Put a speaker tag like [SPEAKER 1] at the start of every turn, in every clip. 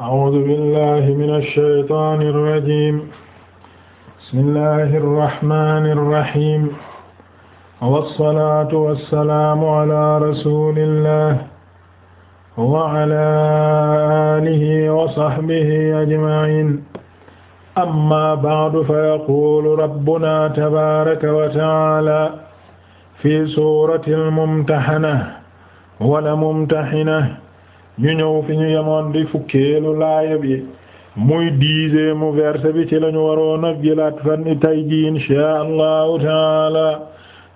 [SPEAKER 1] أعوذ بالله من الشيطان الرجيم بسم الله الرحمن الرحيم والصلاة والسلام على رسول الله وعلى آله وصحبه أجمعين أما بعد فيقول ربنا تبارك وتعالى في سورة الممتحنة والممتحنة ñu ñëw fi ñu yemoon di fukkeelu laaya bi muy mu verset bi ci lañu waroon a jëlaat fan tay ji inshaa allahu taala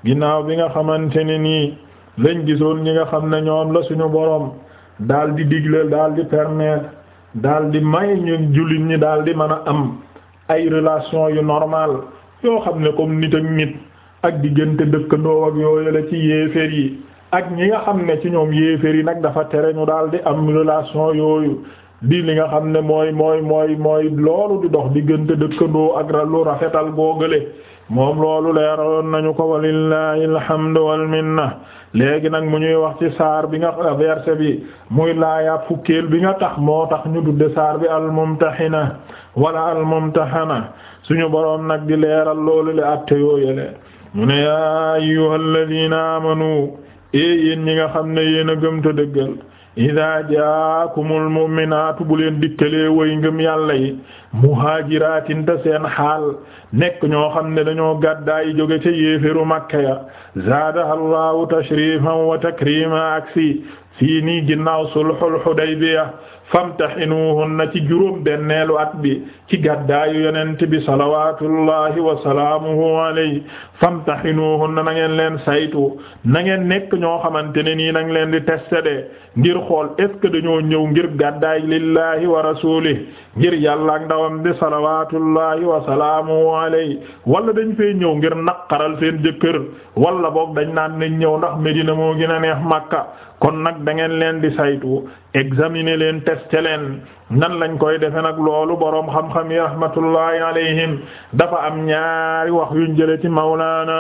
[SPEAKER 1] ginnaaw bi nga xamante ne nii lañ gisoon ñi nga xam ne ñoom la suñu boroom daal di digle daal di permettre daal di may ñu jullit ñi daal di mën a am ay relation yu normal yoo xam ne comme nit ak nit ak diggante dëkkandoo ak yooyu la ci yéeféer yi ak ñi nga xam ne ci ñoom yéeféer yi nag dafa tere ñu daal di am relation yooyu di li nga xam ne mooy mooy mooy mooy loolu di dox diggante dëkkandoo ak lu rafetal googale moom loolu leeroon nañu ko walillahi alhamdu wal minna léegi nag mu ñuy wax ci saar bi nga verset bi muy laayaab fukkeel bi nga tax moo tax ñu tudde saar bi almumtahina wala almumtahana suñu boroom nag di leeral loolu le atte yooyale mu ne yaa ayyuhal ladina amanu ee yéen ñi nga xam ne yéen a gëm te dëggal idaa jaakumul mu'minaatu bu leen dikkalee way ngëm yàlla yi muhaajiraatin seen xaal nekk ñoo xam ne dañoo gàddaayi jóge ca yéeféru makka ya zaadahallahu tashrifan wa takrima aksi fii nii ginnaaw sulhul Hudaybiya famtahinuhunna ci juróom benneelu at bi ci gàddaayu yonent bi salawaatullahi wa salaamuhu alayhi famtahinuhunna na ngeen leen saytu na ngeen nekk ñoo xamante ne nii na leen di tester de ngir xool est-ce que dañoo ñëw ngir gàddaay lillahi wa rasuulihi ngir yàlla ak ndawam bi salawaatullahi wa salaamuhu alayhi wala dañ fee ñëw ngir naqaral seen jëkkër walla boog dañ naan ne ñëw ndax Medina moo gën neex Makka kon nag da ngeen leen di saytu examiner leen tes tester leen nan lañ koy defe nag loolu boroom xam-xam yi rahmatullahi alayhim dafa am ñaari wax yu ñu jële ci mawlaana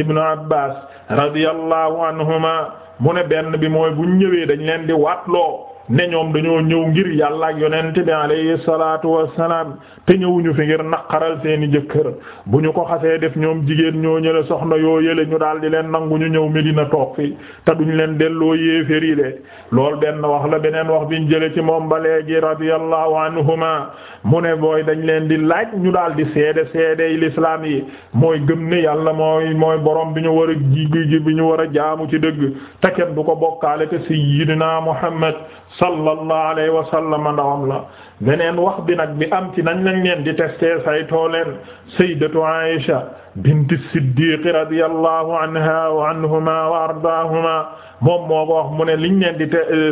[SPEAKER 1] ibnu abbas radiyallahu anhuma mu ne benn bi mooy bu ñu ñëwee dañu leen di waat loo ne ñoom dañoo ñëw ngir yàlla ak yonent bi alayhi salaatu wassalaam te ñëwuñu fi ngir naqaral seeni jëkkër bu ñu ko xasee def ñoom jigéen ñoo ñële soxna yoo yële ñu daal di leen nangu ñu ñëw Medina toog fi te duñu leen delloo yéeféri de lool benn wax la beneen wax biñ jële ci moom ba léegi radiyallahu anhuma mu ne booy dañ leen di laaj ñu daal di seede seede yi lislaam yi mooy gëm ne yàlla mooy mooy borom bi ñu war a ji bi ñu war a jaamu ci dëgg te kenn ko bokkaale te sayyidina sallallahu alayhi wa sallam ndawam la beneen wax bi nag bi am ci nañ lañ leen di tester saytoo leen sayyidatu Aisha binti siddiqi radiyallahu anha wa anhuma wa ardaahuma moom moo ko wax mu ne liñ leen di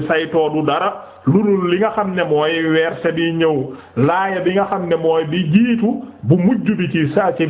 [SPEAKER 1] saytoo du dara lu dul li nga xam ne mooy verset bi ñëw laaya bi nga xam ne mooy bi jiitu bu mujj ci saa ci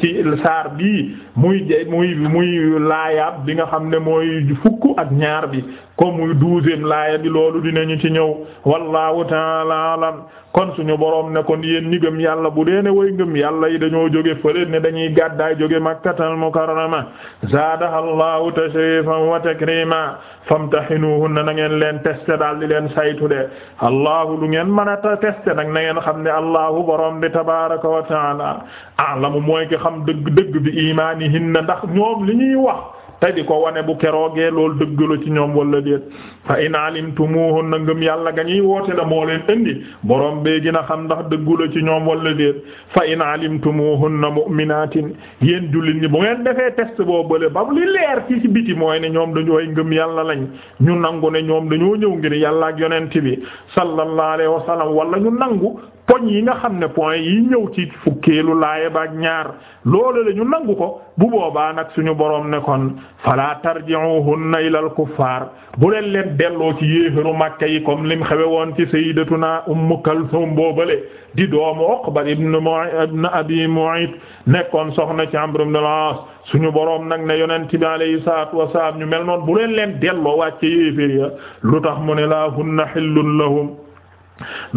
[SPEAKER 1] ci saar bii muy muy muy laayaab bi nga xam ne mooy fukk ak ñaar bi ko muy douzième laaya bi loolu dina ñu ci ñëw wallahu taala alam kon suñu boroom ne kon yéen ñi gëm yàlla bu dee ne way ngëm yàlla yi dañoo jóge fële ne dañuy gàtt gàddaay jóge makkatal mukarrama zaadahallahu tashrifan wa takrima famtahinuhunna na ngeen leen testé daal di leen saytu de allahu lu ngeen mën a testé nag na ngeen xam ne allahu borom bi tabaraka wa taala a'lamu mooy ki xam dëgg dëgg bi imanihinna ndax ñoom li ñuy wax te di ko wane bu keroogee loolu dëgg ci ñoom wala déet fa in alimtumuhunna ngëm yàlla ga ñuy woote la moo leen indi borom bee gën xam ndax dëggu la ci ñoom wala déet fa in alimtumuhunna mu'minatin yéen jullit ñi bu ngeen defee test boo bële ba li leer ci ci biti mooy ne ñoom dañu ay ngëm yàlla lañ ñu nangu ne ñoom dañoo ñëw ngi yàlla ak yonent bi sallallahu alayhi wasallam wala ñu nangu poñ yi nga xam ne point yi ñëw ci fukkeelu laaya ba ak ñaar loolu la ñu nangu ko bu boobaa nag suñu boroom ne kon fala tarji'uhunna ilal kuffaar bu leen leen delloo ci yéefaru Makka yi comme lim xewe woon ci sayyidatuna Ummu Kalsum boobale di doomu Uqba ibn Abi Mu'ayt nekkoon soxna ci Amr ibn al suñu boroom nag ne yonent bi alayhi salaatu wa salaam ñu mel noon bu leen leen delloo wàcce yéefér ya lu tax mu ne laa hunna hillun lahum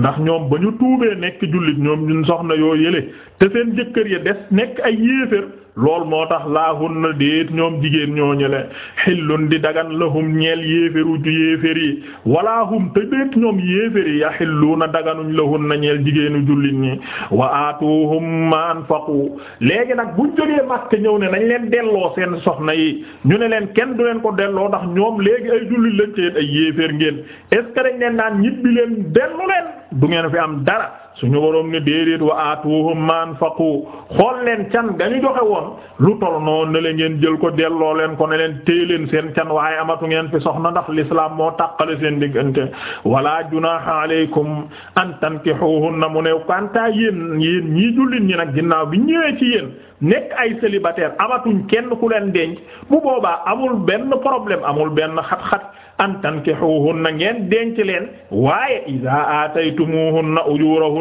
[SPEAKER 1] ndax ñoom ba ñu tuubee nekk jullit ñoom ñun soxna yoo yële te seen jëkkër ya des nekk ay yéeféer lool moo tax laahun na déet ñoom jigéen ñooñule le xillun di dagan lahum ñeel yéeféru yéefér yi walaa hum ñoom yéefér yi ya xilluuna daganuñ lahun na ñeel jigéenu jullit ñi wa aatuhum maan anfaqu léegi nag buñ jógee Makka ñëw ne nañ leen delloo seen soxna yi ñu ne leen kenn du leen ko delloo ndax ñoom léegi ay jullit lañ ci ay yéefér ngeen est ce que dañ leen naan ñibbi leen dellu leen du ngeen fi am dara suñu waroom ne déedéet wa atuhum ma anfaqu xool leen can dañu joxe woon lu tol noonu ne leen ngeen jël ko delloo leen ko ne leen téye leen seen can waaye amatu ngeen fi soxna ndax l'islam moo tàqale seen diggante wala junaha alaykum an na mu ne kantaa yéen yéen ñii jullit ñi nag ginnaaw bi ñëwee ci yéen nekk ay célibataire amatuñ kenn ku leen denc bu boobaa amul benn problème amul benn xat-xat an na ngeen denc leen waaye iza ataytumuhunna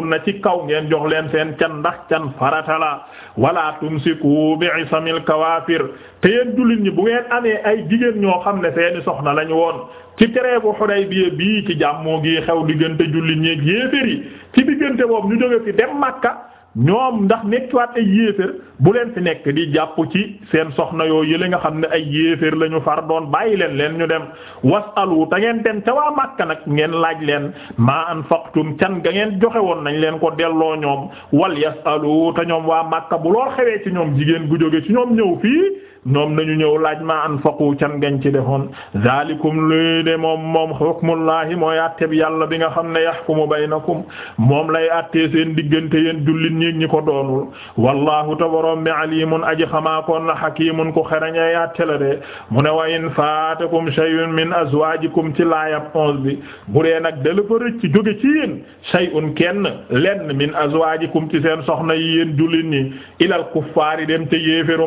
[SPEAKER 1] na ci kaw ngeen jox leen seen can ndax can farata la wala tumsiku bi isamil kawafir te yeen jullit ñi bu ngeen amee ay jigéen ñoo xam ne seeni soxna lañu woon ci tereebu Hudaybiya bii ci jàmmoo gi xew diggante jullit ñi yéeféer yi ci diggante boobu ñu jóge fi dem Makka ñoom ndax nekkiwaat ay yéeféer bu leen fi nekk di jàpp ci seen soxna yoo yële nga xam ne ay yéeféer la ñu far doon bàyyi leen leen ñu dem wasalu te ngeen dem ca waa Makka nag ngeen laaj leen maa anfaqtum can ga ngeen joxe woon nañ leen ko delloo ñoom wal yasalu te ñoom waa Makka bu loo xewee ci ñoom jigéen gu jóge ci ñoom ñëw fii ñoom dañu ñëw laaj ma anfaqu can ngeen ci defoon zalikum luy de moom moom hukmullahi mooy àtte bi yàlla bi nga xam ne yahkumu baynakum moom lay àttee seen diggante yéen jullit ñi ñi ko doonul wallahu tabarom bi alimun aji xamaakoon la hakimun ko xerañay àtte la de mu ne wa in faatakum shay'un min azwajikum ci laayab onze bi bu dee nag dala fa rëcc jóge ci yéen shay'un kenn lenn min azwajikum ci seen soxna yi yéen jullit ñi ilal kuffaari dem te yéeferu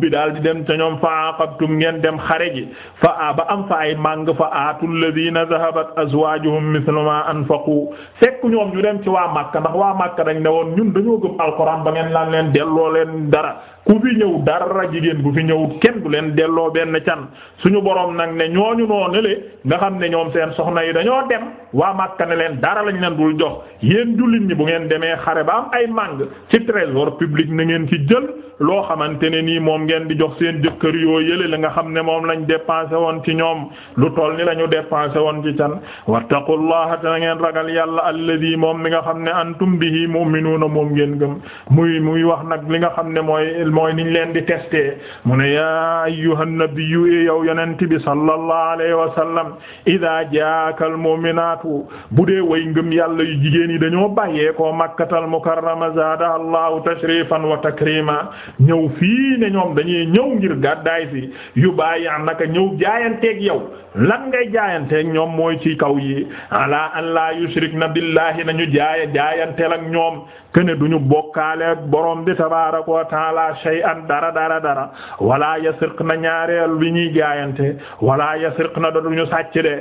[SPEAKER 1] ubbi daal di dem ca ñoom fa aqabtum ngeen dem xare ji fa a ba am fa ay màng fa aatul ladina dhahabat azwajuhum mithlu ma anfaqu fekk ñoom ñu dem ci waa Makka ndax waa Makka dañ ne woon ñun dañoo gëm alxuraan ba ngeen laan leen delloo leen dara ku fi ñëw dara jigéen bu fi ñëw kenn du leen delloo benn can suñu borom nag ne ñu noonu le nga xam ne ñoom seen soxna yi dañoo dem waa Makka ne leen dara lañ leen dul jox yéen jullit ñi bu ngeen demee xare ba am ay màng ci trésor public na ngeen ci jël loo xamante ne nii moom ngeen di jox seen jëkkër yoo yële li nga xam ne moom lañ dépensé woon ci ñoom lu toll ni la ñu dépensé woon ci can wattaqullaha te na ngeen ragal yàlla alladhi moom mi nga xam ne antum bihi mu'minuna moom ngeen gëm muy muy wax nag li nga xam ne mooy mel mooy niñ leen di testé mu ne yaa ayyuhan nabiyyu e yow yonent bi sallallahu alayhi wa sallam idaa jaakal mu'minaatu bu dee way ngëm yàlla yu jigéen yi dañoo bàyyee koo makkatal mukarrama zaada allahu tashrifan wa takrima ñëw fii na ñoom dañuy ñëw ngir gàddaay si yu bàyyi naka ñëw jaayanteeg yow lan ngay jaayanteeg ñoom mooy ci kaw yi ala an la yushrikna billahi nañu jaaya jaayanteel ak ñoom duñu bokkaale ak borom tabaaraka wa taala sey an dara dara dara wala yasriqna ñaareel bi ñuy jaayante wala yasriqna da duñu sàcc de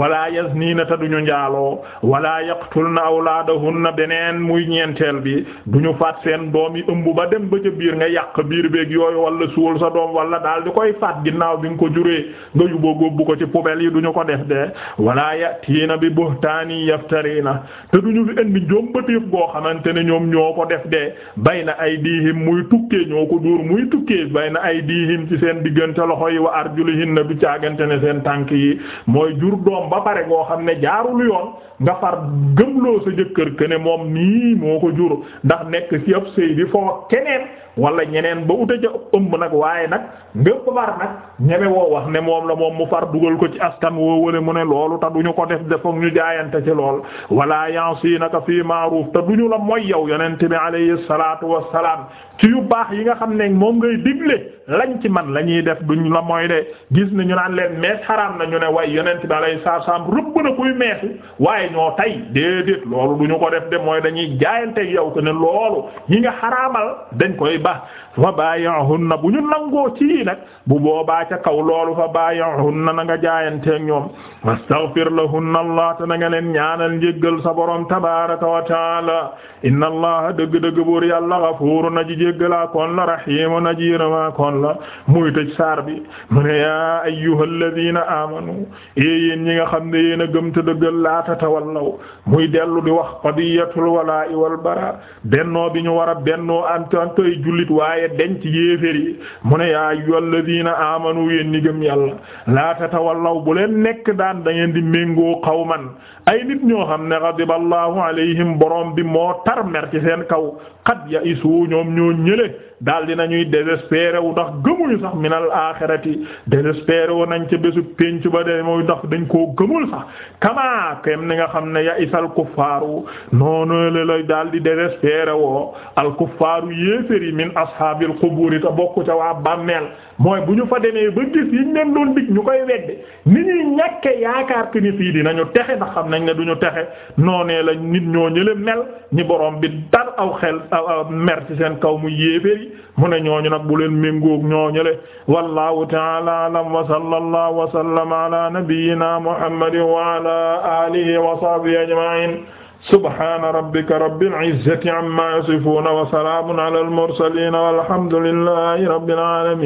[SPEAKER 1] wala yaznina ta duñu njaaloo wala na yaqtulna na beneen muy ñeenteel bi du ñu faat seen doom yi ëmb ba dem ba ca biir nga yàq biir beeg yooyu wala suul sa doom wala daal di koy faat ginnaaw bi nga ko juree nga yóbbu góob ko ci poubelle yi du ñu ko def de wala yatiina bi buhtaani yaftarina te duñu fi indi njombateef goo xamante ne ñoom ñoo ko def de bayna aydihim muy tukkee ñoo ko dóor muy tukkee bay na ay diihim ci seen diggante loxo yi wa arjulihin na du caagante ne seen tànk yi mooy jur doom ba pare goo xam ne jaarul yoon nga far gëmloo sa jëkkër ke ne moom nii moo ko jur ndax nekk ci ab sëy di foo keneen wala ñeneen ba uta ca ëmb nag waaye nag ngëpp far nag ñeme woo wax ne moom la moom mu far dugal ko ci askan woo wale mu ne loolu te duñu ko def defak ñu jaayante ci lool wala yansinaka fii ma'ruf te duñu la mooy yow yonente bi alayhi salatu wassalam ci yu baax yi nga xam ne moom ngay digle lañ ci man la ñuy def duñ la mooy de gis ne ñu naan leen mees xaraam na ñu ne way yonente bi alayhi salatu wassalam rëbb na kuy meesu waaye ñoo tay déedéet loolu duñu ko def de mooy dañuy jaayante yow ko ne loolu ñi nga xaraamal dañ koy ba fa baayaahunna bu ñu nangoo ci nag bu boobaa ca kaw loolu fa baayaahunna na nga jaayanteeg ñoom wastaghfir lahunna allah te na nga leen ñaanal njéggal sa borom tabaraka wa taala inna allah dëgg-dëgg buur yàlla gafuuru na ji jéggalaa koon la rahimu na ji yërëmaa koon la muy tëj saar bi mu ne yaa ayyuhal ladina amanu yéen ñi nga xam ne yéen a gëm te dëggal laata tawallaw muy dellu di wax qadiyatul walaa'i wal bara bennoo bi ñu war a bennoo ante ante julli jullit waaye denc yéefér yi mu ne yaa ayyuhal ladina amanu yéen ñi gëm yàlla laa tatawallaw bu leen nekk daan da ngeen di méngoo xawman ay nit ñoo xam ne ghadiballahu alayhim borom bi moo tar mer ci seen kaw qad ya isu ñoom ñoo ñële daal di nañuy désespéré wu ndax gëmuñu sax minal aaxirati désespéré wu nañ ca bésu pénc ba de mooy ndax dañ koo gëmul sax kamaa kem nga xam ne ya isal kuffaaru noonu la lay daal di désespéré woo al kuffaaru yéeféri min ca waa bàmmeel mooy bu ñu fa demee ba gis yiñ leen doon dig ñu koy wedde ni ñuy ñàkke yaakaar ki ni fii dinañu texe ndax xam nañ ne duñu texe noonee la nit ñoo ñële mel ñi borom bi dar aw xel aw mer ci seen kaw mu yéeféeri mu ne ñooñu nag bu leen méngoog ñoo ñële wallahu ta'ala alam wa sallallahu wa sallama ala nabiyyina muhammadin wa ala alihi wa sahbihi ajma'in subhana rabbika rabbil izzati amma yasifun wa salamun ala al mursalin walhamdulillahi rabbil alamin